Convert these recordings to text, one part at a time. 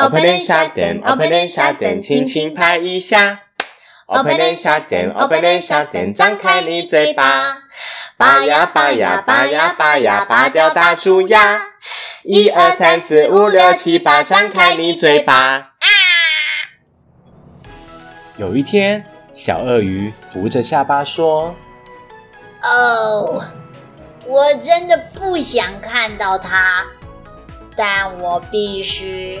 Open and shut down, open and shut down, 輕輕拍一下 open and shut down, open and shut down, 張開你嘴巴，拔呀，拔呀拔呀拔呀拔呀拔掉大蛀牙。一二三四五六七八，張開你嘴巴、啊、有一天小鱷魚扶着下巴說哦、oh, 我真的不想看到它，但我必須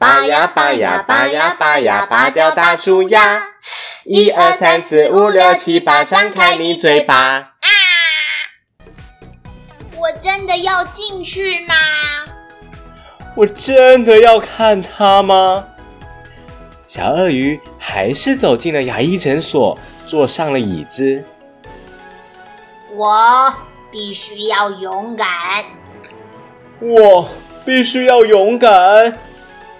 拔呀拔呀拔呀拔呀，拔，拔掉大蛀牙！一二三四五六七八，張開你嘴巴！啊！我真的要進去嗎？我真的要看他嗎？小鱷魚還是走進了牙醫診所，坐上了椅子。我必須要勇敢。我必須要勇敢。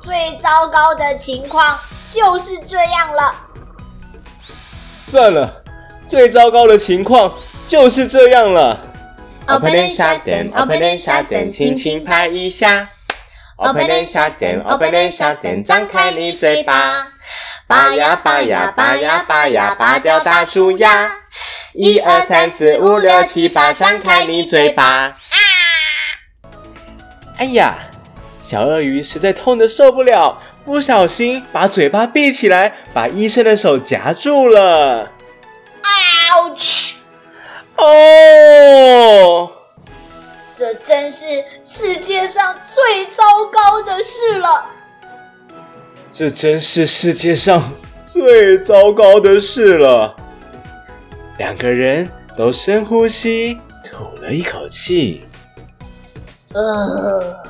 最糟糕的情況就是這樣了。算了，最糟糕的情況就是這樣了。Open and shut down, open and shut down，輕輕拍一下。Open and shut down, open and shut down，張開你嘴巴。拔呀拔呀拔呀拔呀，拔呀，拔掉大蛀牙。一二三四五六七八，張開你嘴巴。啊。哎呀！小鱷魚實在痛得受不了，不小心把嘴巴閉起來，把醫生的手夾住了。Ouch！哦，這真是世界上最糟糕的事了。這真是世界上最糟糕的事了。兩個人都深呼吸，吐了一口氣。嗯、呃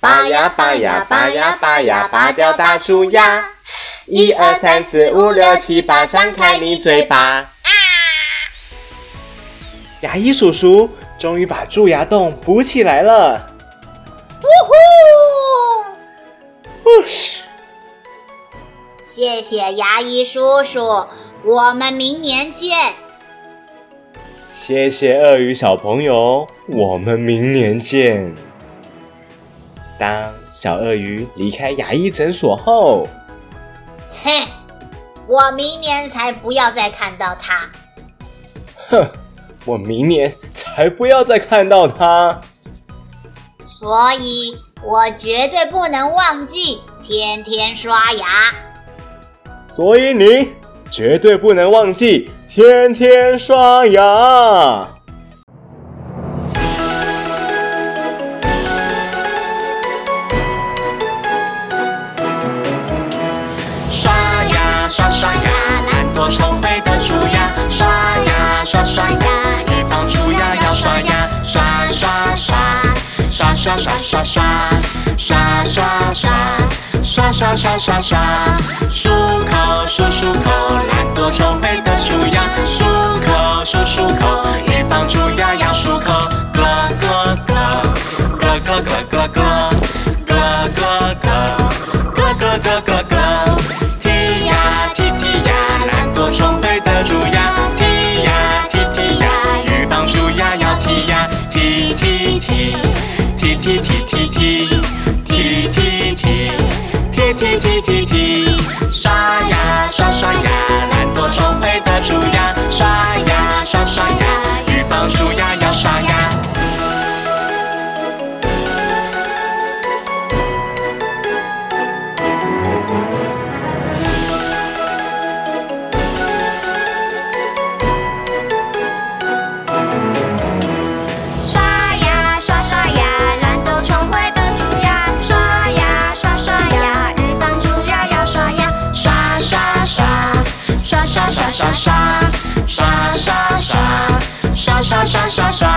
拔呀拔呀拔呀拔呀，拔掉大蛀牙！一二三四五六七八，張開你嘴巴。啊！牙醫叔叔終於把蛀牙洞補起來了！嗚呼！呼噓！謝謝牙醫叔叔，我們明年見。謝謝鱷魚小朋友，我們明年見。當小鱷魚離開牙醫診所後，嘿，我明年才不要再看到他。哼，我明年才不要再看到他。所以，我絕對不能忘記天天刷牙。所以，你絕對不能忘記天天刷牙。刷刷刷刷刷刷刷刷刷刷刷刷刷，漱口漱漱口，懶惰就會得蛀牙。漱口漱漱口，預防蛀牙要漱口。刷刷刷。